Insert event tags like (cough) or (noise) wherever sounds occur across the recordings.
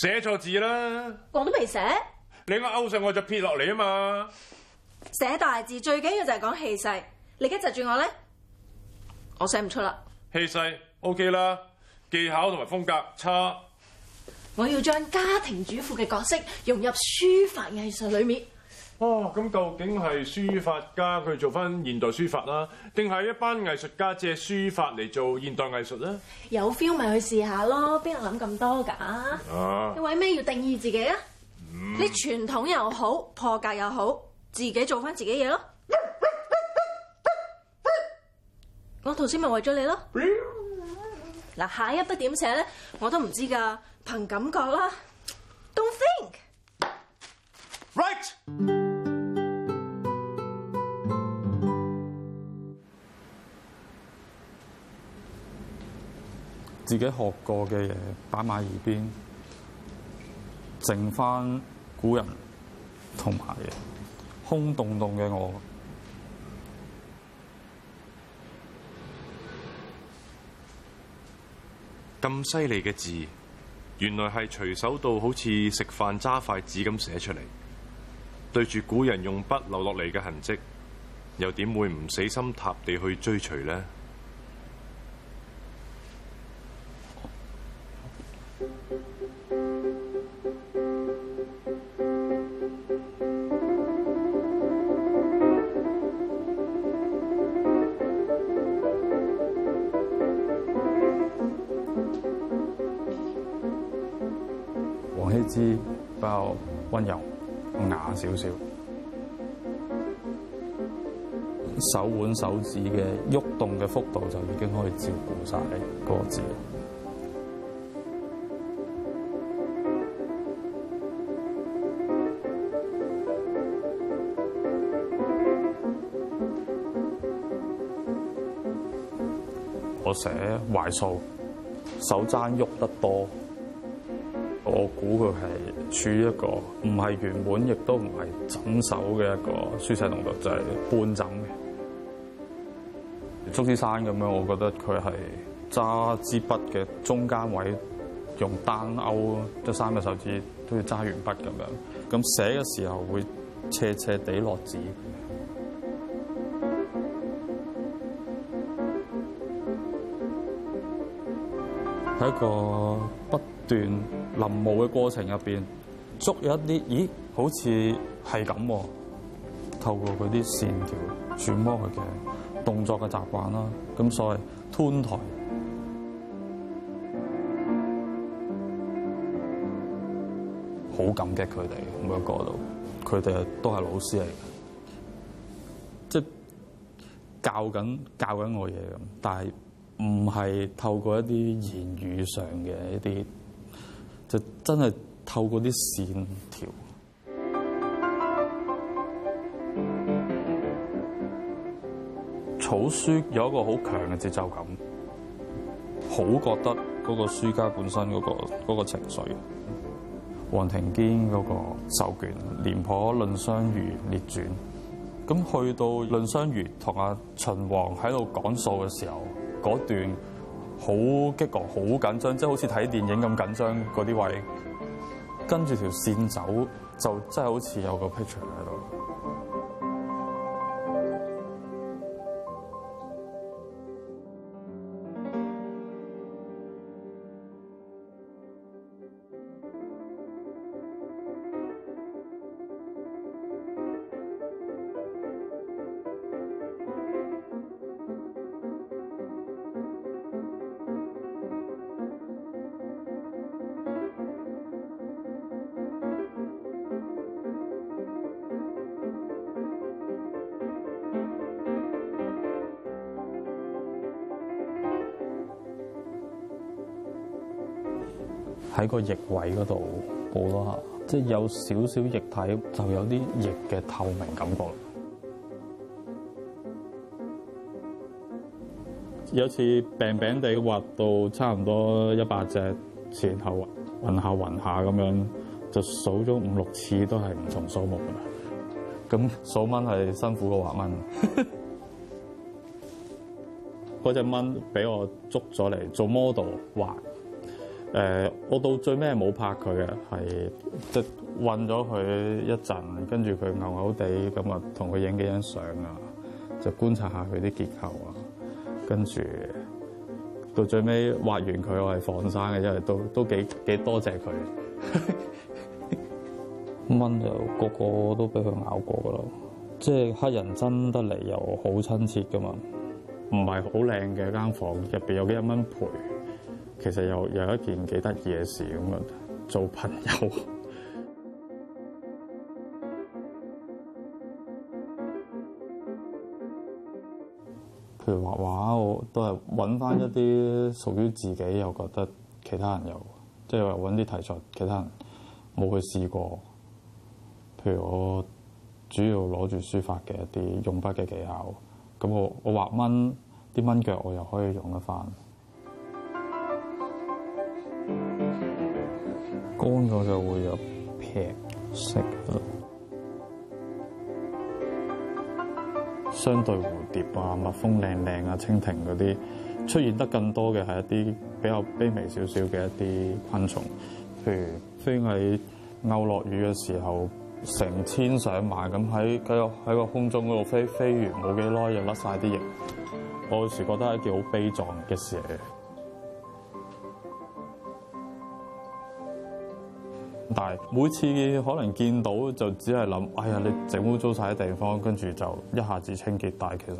寫錯字啦！講都未寫，你啱勾上我就撇落嚟啊嘛！寫大字最緊要就係講氣勢，你一窒住我咧，我寫唔出啦。氣勢 OK 啦，技巧同埋風格差。我要將家庭主婦嘅角色融入書法藝術裏面。哦，咁究竟係書法家佢做翻現代書法啦，定係一班藝術家借書法嚟做現代藝術咧？有 feel 咪去試下咯，邊有諗咁多噶？你為咩要定義自己啊？你傳統又好，破格又好，自己做翻自己嘢咯。我頭先咪為咗你咯。嗱，下一筆點寫咧？我都唔知噶，憑感覺啦。Don't think. Right. 自己學過嘅嘢擺埋一邊，剩返古人同埋嘢，空洞洞嘅我。咁犀利嘅字，原來係隨手到好似食飯揸筷子咁寫出嚟。對住古人用筆留落嚟嘅痕跡，又點會唔死心塌地去追隨呢？溫柔，雅少少，手腕手指嘅喐動嘅幅度就已經可以照顧晒嗰個字。我寫懷素，手踭喐得多。我估佢係處於一個唔係原本，亦都唔係枕手嘅一個書寫動作，就係、是、半枕嘅。鐘之山咁樣，我覺得佢係揸支筆嘅中間位，用單勾，即三隻手指都要揸完筆咁樣。咁寫嘅時候會斜斜地落紙，係、嗯、一個不斷。.臨摹嘅過程入邊，捉有一啲咦，好似係咁喎。透過嗰啲線條、揣摩佢嘅動作嘅習慣啦，咁所謂吞台好 (music) 感激佢哋。每一個角度，佢哋都係老師嚟，即係教緊教緊我嘢咁，但係唔係透過一啲言語上嘅一啲。真係透過啲線條，草書有一個好強嘅節奏感，好覺得嗰個書家本身嗰、嗰個嗰個情緒。黃庭堅嗰個手卷《廉頗藺相如列傳》，咁去到《藺相如》同阿秦王喺度講數嘅時候，嗰段好激昂、好緊張，即、就、係、是、好似睇電影咁緊張嗰啲位置。跟住條線走，就真係好似有個 picture 喺度。喺個液位嗰度，補多下，即係有少少液體，就有啲液嘅透明感覺。 (noise) 有次病病地畫到差唔多一百隻，前後暈下暈下咁樣，就數咗五六次都係唔同數目嘅。咁數蚊係辛苦過畫蚊嘅。嗰 (laughs) 隻 (laughs) (noise) 蚊俾我捉咗嚟做 model 畫。誒、呃，我到最尾冇拍佢嘅，係即係暈咗佢一陣，嘔嘔跟住佢牛拗地咁啊，同佢影幾張相啊，就觀察下佢啲結構啊，跟住到最尾畫完佢，我係放生嘅，因為都都幾，幾多謝佢。蚊 (laughs) 就個個都俾佢咬過噶咯，即係黑人真得嚟又好親切噶嘛，唔係好靚嘅間房，入面有幾多蚊陪，其實又有一件幾得意嘅事咁啊，做朋友。譬如畫畫，我都係揾翻一啲屬於自己又覺得其他人又，即係話揾啲題材，其他人冇去試過。譬如我主要攞住書法嘅一啲用筆嘅技巧，咁我我畫蚊，啲蚊腳我又可以用得翻。乾咗就會有啡色。相對蝴蝶啊、蜜蜂靚靚啊、蜻蜓嗰啲出現得更多嘅係一啲比較卑微少少嘅一啲昆蟲，譬如飛蟻勾落雨嘅時候，成千上萬咁喺喺個喺個空中嗰度飛，飛完冇幾耐又甩晒啲翼，我有時覺得係一件好悲壯嘅事嚟嘅。但係每次可能見到就只係諗，哎呀，你整污糟晒啲地方，跟住就一下子清潔。但係其實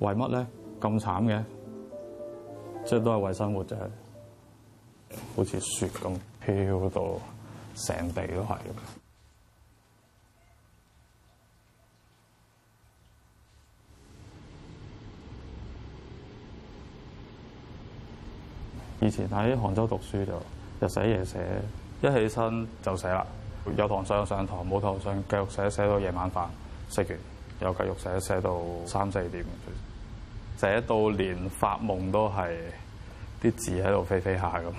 為乜咧咁慘嘅？即係都係為生活啫，就係好似雪咁飄到成地都係。以前喺杭州讀書就日寫夜寫。一起身就寫啦，有堂上上堂，冇堂上繼續寫，寫到夜晚飯食完，又繼續寫，寫到三四點，寫到連發夢都係啲字喺度飛飛下咁。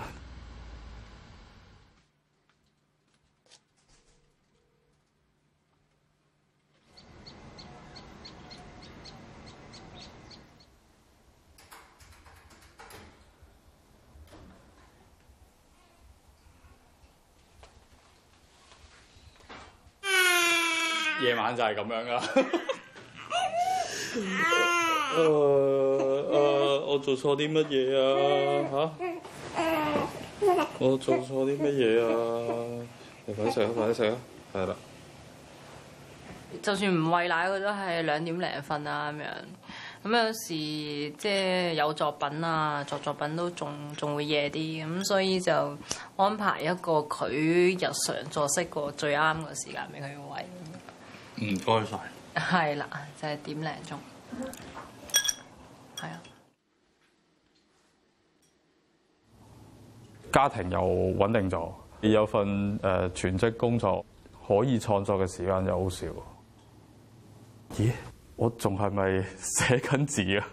就係、是、咁樣啦、啊 (laughs) 啊。誒、啊、誒、啊，我做錯啲乜嘢啊？嚇、啊！我做錯啲乜嘢啊？你快啲食啊！快啲食啊！係啦。就算唔餵奶，佢都係兩點零瞓啊。咁樣咁有時即係有作品啊，作作品都仲仲會夜啲咁，所以就安排一個佢日常作息個最啱嘅時間俾佢餵。唔該晒，係啦，就係、是、點零鐘，係、嗯、啊。家庭又穩定咗，有份誒、呃、全職工作，可以創作嘅時間又好少。咦？我仲係咪寫緊字啊？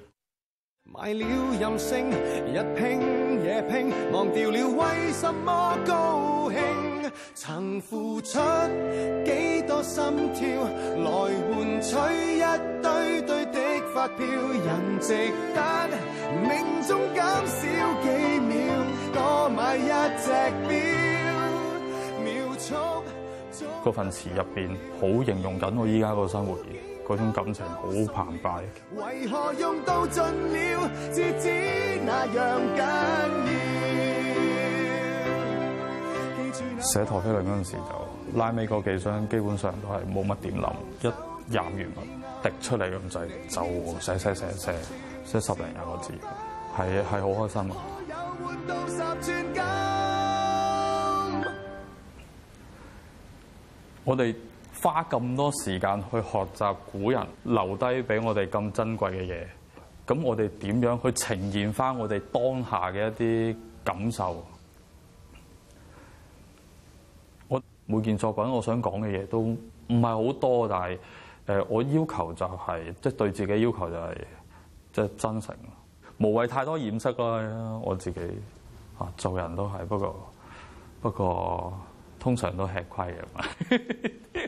買了任性，日拼夜拼，忘掉了為什麼高興。曾付出幾多心跳來換取一堆堆的發票，人值得命中減少幾秒，多買一隻表。秒速嗰份詞入面好形容緊我依家個生活，嗰種感情好澎湃。為何用到盡了，至知那樣緊要？寫陀飛輪嗰陣時就拉尾嗰幾張，基本上都係冇乜點諗，一染完啊滴出嚟咁滯就寫寫寫寫寫，寫十零廿個字，係係好開心啊 (music) ！我哋花咁多時間去學習古人留低俾我哋咁珍貴嘅嘢，咁我哋點樣去呈現翻我哋當下嘅一啲感受？每件作品，我想講嘅嘢都唔係好多，但係誒，我要求就係，即係對自己要求就係即係真誠，無謂太多掩飾啦。我自己啊，做人都係，不過不過通常都吃虧啊。 (laughs)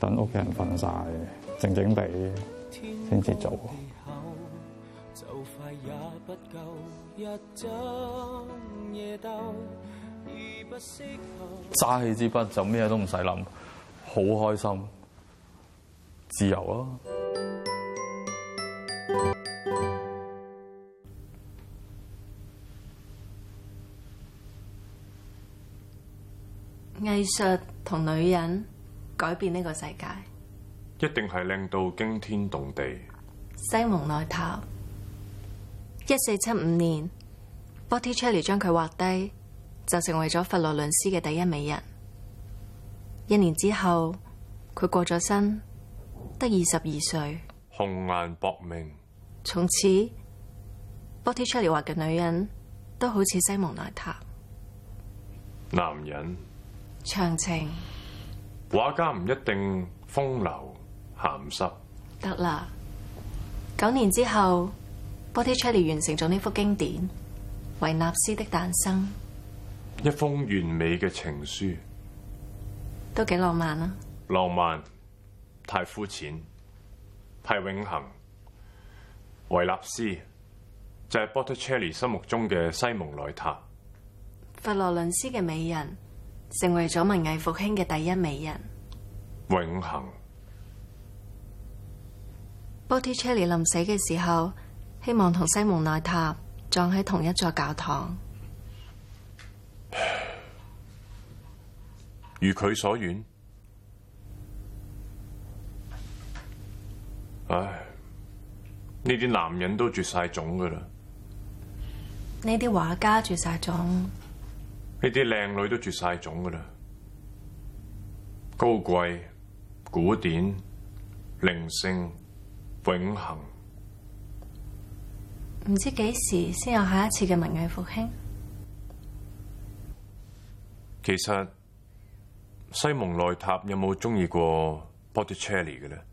等屋企人瞓晒，靜靜地先至做。揸起支筆就咩都唔使諗，好開心，自由啊！藝術同女人。改變呢個世界，一定係靚到驚天動地。西蒙奈塔，一四七五年，波提切利將佢畫低，就成為咗佛羅倫斯嘅第一美人。一年之後，佢過咗身，得二十二歲。紅顏薄命。從此，波提切利畫嘅女人都好似西蒙奈塔。男人。長情。畫家唔一定風流咸濕。得啦，九年之後，Botticelli 完成咗呢幅經典《維納斯的誕生》。一封完美嘅情書，都幾浪漫啊！浪漫太膚淺，太永恆。維納斯就係 Botticelli 心目中嘅西蒙內塔，佛羅倫斯嘅美人。成為咗文藝復興嘅第一美人，永恆。波提切利臨死嘅時候，希望同西蒙奈塔葬喺同一座教堂，如佢所願。唉，呢啲男人都絕晒種㗎喇，呢啲畫家絕晒種。呢啲靚女都絕晒種㗎啦！高貴、古典、靈性、永恆，唔知幾時先有下一次嘅文藝復興。其實西蒙內塔有冇中意過 Botticelli 嘅咧？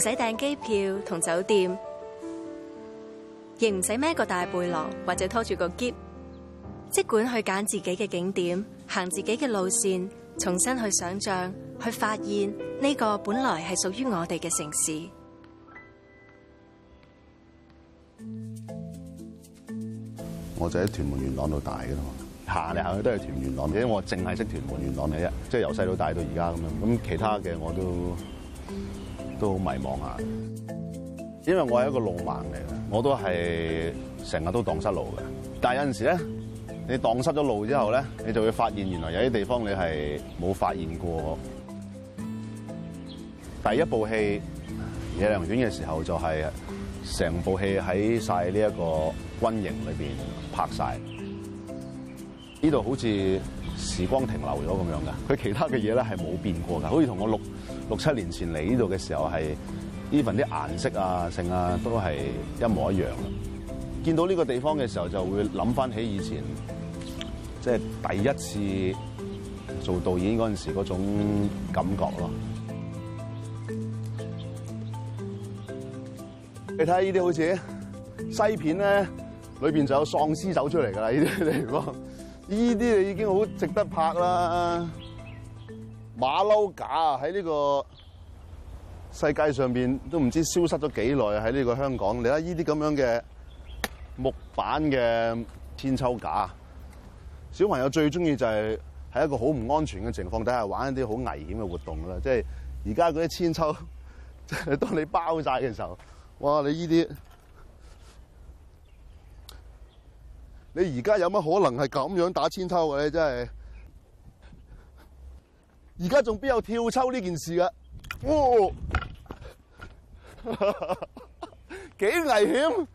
唔使訂機票同酒店，亦唔使孭個大背囊或者拖住個篋，即管去揀自己嘅景點，行自己嘅路線，重新去想象，去發現呢個本來係屬於我哋嘅城市。我就喺屯門元朗度大噶啦嘛，行嚟行去都係屯門元朗，因為我淨係識屯門元朗嘅啫，即係由細到大到而家咁樣，咁其他嘅我都。都好迷茫啊！因為我係一個路盲嚟嘅，我都係成日都蕩失路嘅。但係有陣時咧，你蕩失咗路之後咧，你就會發現原來有啲地方你係冇發現過。第一部戲野良犬嘅時候就係成部戲喺晒呢一個軍營裏邊拍晒。呢度好似時光停留咗咁樣㗎。佢其他嘅嘢咧係冇變過㗎，好似同我錄。六七年前嚟呢度嘅時候係，even 啲顏色啊、性啊都係一模一樣。見到呢個地方嘅時候就會諗翻起以前，即係第一次做導演嗰陣時嗰種感覺咯。你睇下呢啲好似西片咧，裏邊就有喪屍走出嚟㗎啦！呢啲地方，呢啲已經好值得拍啦。馬騮架喺呢個世界上邊都唔知消失咗幾耐。喺呢個香港，你睇呢啲咁樣嘅木板嘅千秋架，小朋友最中意就係喺一個好唔安全嘅情況底下玩一啲好危險嘅活動啦。即係而家嗰啲千秋，即係當你包晒嘅時候，哇！你呢啲，你而家有乜可能係咁樣打千秋嘅咧？你真係～而家仲邊有跳秋呢件事嘅？哇！幾 (laughs) 危險！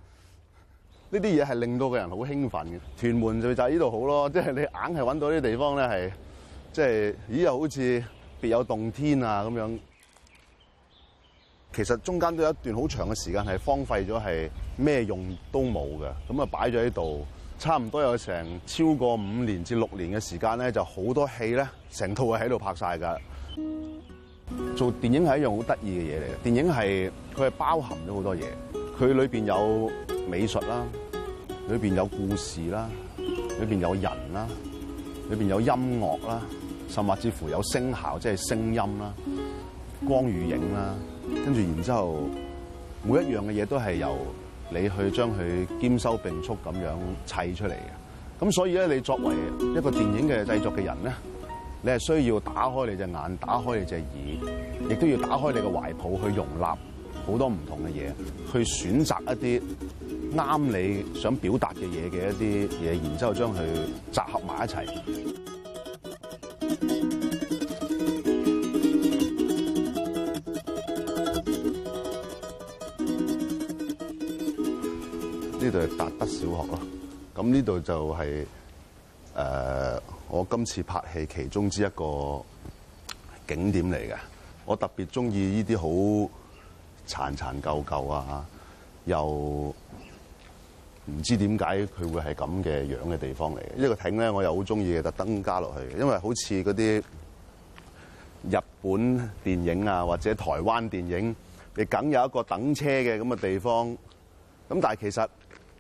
呢啲嘢係令到個人好興奮嘅。屯門就就係呢度好咯，即係你硬係揾到啲地方咧，係即係咦又好似別有洞天啊咁樣。其實中間都有一段好長嘅時間係荒廢咗，係咩用都冇嘅，咁啊擺咗喺度。差唔多有成超過五年至六年嘅時間咧，就好多戲咧，成套係喺度拍晒㗎。做電影係一樣好得意嘅嘢嚟嘅，電影係佢係包含咗好多嘢，佢裏邊有美術啦，裏邊有故事啦，裏邊有人啦，裏邊有音樂啦，甚物至乎有聲效，即係聲音啦、光與影啦，跟住然之後，每一樣嘅嘢都係由，你去將佢兼收並蓄咁樣砌出嚟嘅，咁所以咧，你作為一個電影嘅製作嘅人咧，你係需要打開你隻眼，打開你隻耳，亦都要打開你嘅懷抱去容納好多唔同嘅嘢，去選擇一啲啱你想表達嘅嘢嘅一啲嘢，然之後將佢集合埋一齊。就係、是、達德小學咯。咁呢度就係、是、誒、呃、我今次拍戲其中之一個景點嚟嘅。我特別中意呢啲好殘殘舊舊啊，啊又唔知點解佢會係咁嘅樣嘅地方嚟嘅。呢、這個艇咧，我又好中意嘅，特登加落去，因為好似嗰啲日本電影啊，或者台灣電影，亦梗有一個等車嘅咁嘅地方。咁但係其實。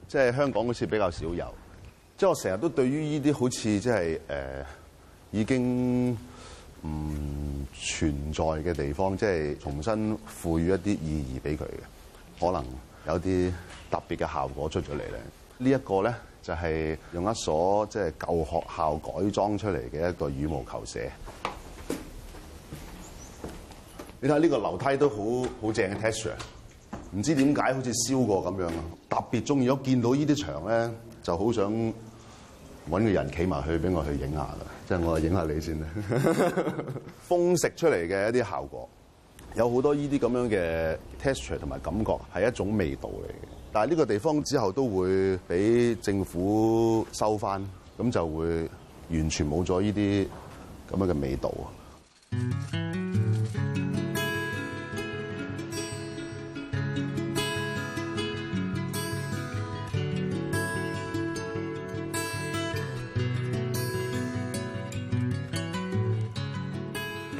即係香港好似比較少有，即係我成日都對於呢啲好似即係呃已經唔存在嘅地方，即係重新賦予一啲意義俾佢嘅，可能有啲特別嘅效果出咗嚟咧。呢一個咧就係用一所即係舊學校改裝出嚟嘅一個羽毛球社。你睇下呢個樓梯都好好正嘅 texture。唔知點解好似燒過咁樣啊！特別中意咗，見到呢啲牆咧，就好想揾個人企埋去，俾我去影下啦。即係我嚟影下你先啦。 (laughs) 風食出嚟嘅一啲效果，有好多呢啲咁樣嘅 texture 同埋感覺，係一種味道嚟嘅。但係呢個地方之後都會俾政府收翻，咁就會完全冇咗呢啲咁樣嘅味道啊！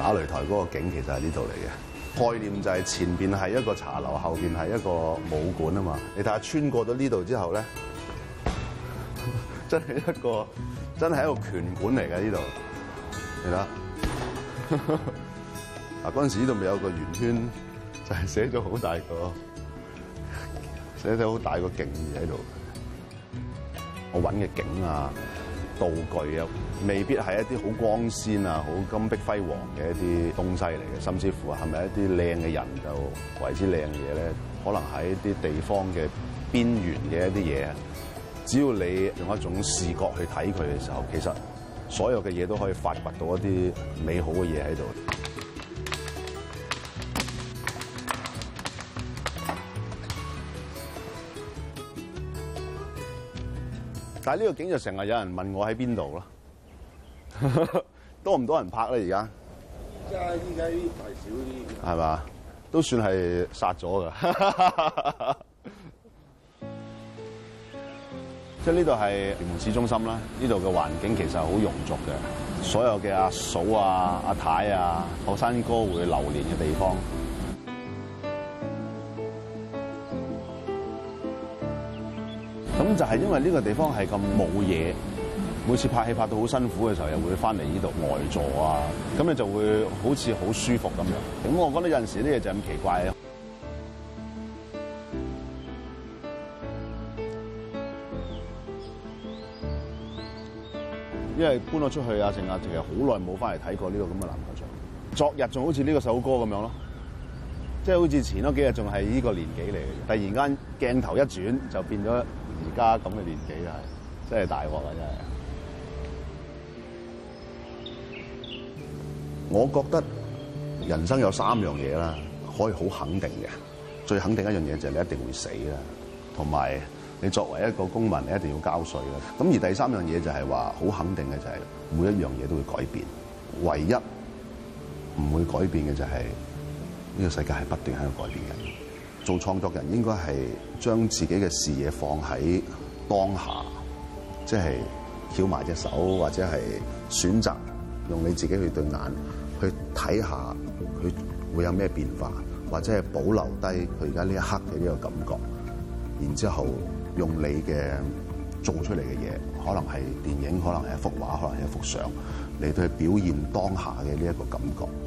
打擂台嗰個景其實係呢度嚟嘅，概念就係前邊係一個茶樓，後邊係一個武館啊嘛。你睇下穿過咗呢度之後咧，真係一個真係一個拳館嚟嘅呢度。你睇下，嗱嗰陣時呢度咪有一個圓圈，就係、是、寫咗好大個，寫咗好大個勁嘢喺度。我揾嘅景啊，道具啊。未必係一啲好光鮮啊、好金碧輝煌嘅一啲東西嚟嘅，甚至乎係咪一啲靚嘅人就為之靚嘢咧？可能喺一啲地方嘅邊緣嘅一啲嘢，只要你用一種視覺去睇佢嘅時候，其實所有嘅嘢都可以發掘到一啲美好嘅嘢喺度。但係呢個景就成日有人問我喺邊度咯。 (laughs) 現在多唔多人拍咧？而家，依家依家啲係少啲，係嘛？都算係殺咗噶。即係呢度係屯門市中心啦，呢度嘅環境其實好庸俗嘅，所有嘅阿嫂啊、阿太啊、學生哥會流連嘅地方。咁 (music) 就係因為呢個地方係咁冇嘢。每次拍戲拍到好辛苦嘅時候，又會翻嚟呢度呆坐啊。咁你就會好似好舒服咁樣。咁我覺得有陣時啲嘢就咁奇怪咯。 (music) 因為搬咗出去啊，成啊成日好耐冇翻嚟睇過呢個咁嘅籃球場。昨日仲好似呢個首歌咁樣咯，即係好似前嗰幾日仲係呢個年紀嚟嘅。突然間鏡頭一轉，就變咗而家咁嘅年紀，係真係大鑊喇！真係。我覺得人生有三樣嘢啦，可以好肯定嘅。最肯定的一樣嘢就係你一定會死啦，同埋你作為一個公民，你一定要交稅啦。咁而第三樣嘢就係話好肯定嘅就係每一樣嘢都會改變，唯一唔會改變嘅就係呢個世界係不斷喺度改變嘅。做創作人應該係將自己嘅視野放喺當下，即係翹埋隻手或者係選擇用你自己去對眼。去睇下佢會有咩變化，或者係保留低佢而家呢一刻嘅呢個感覺，然之後用你嘅做出嚟嘅嘢，可能係電影，可能係一幅畫，可能係一幅相嚟到去表現當下嘅呢一個感覺。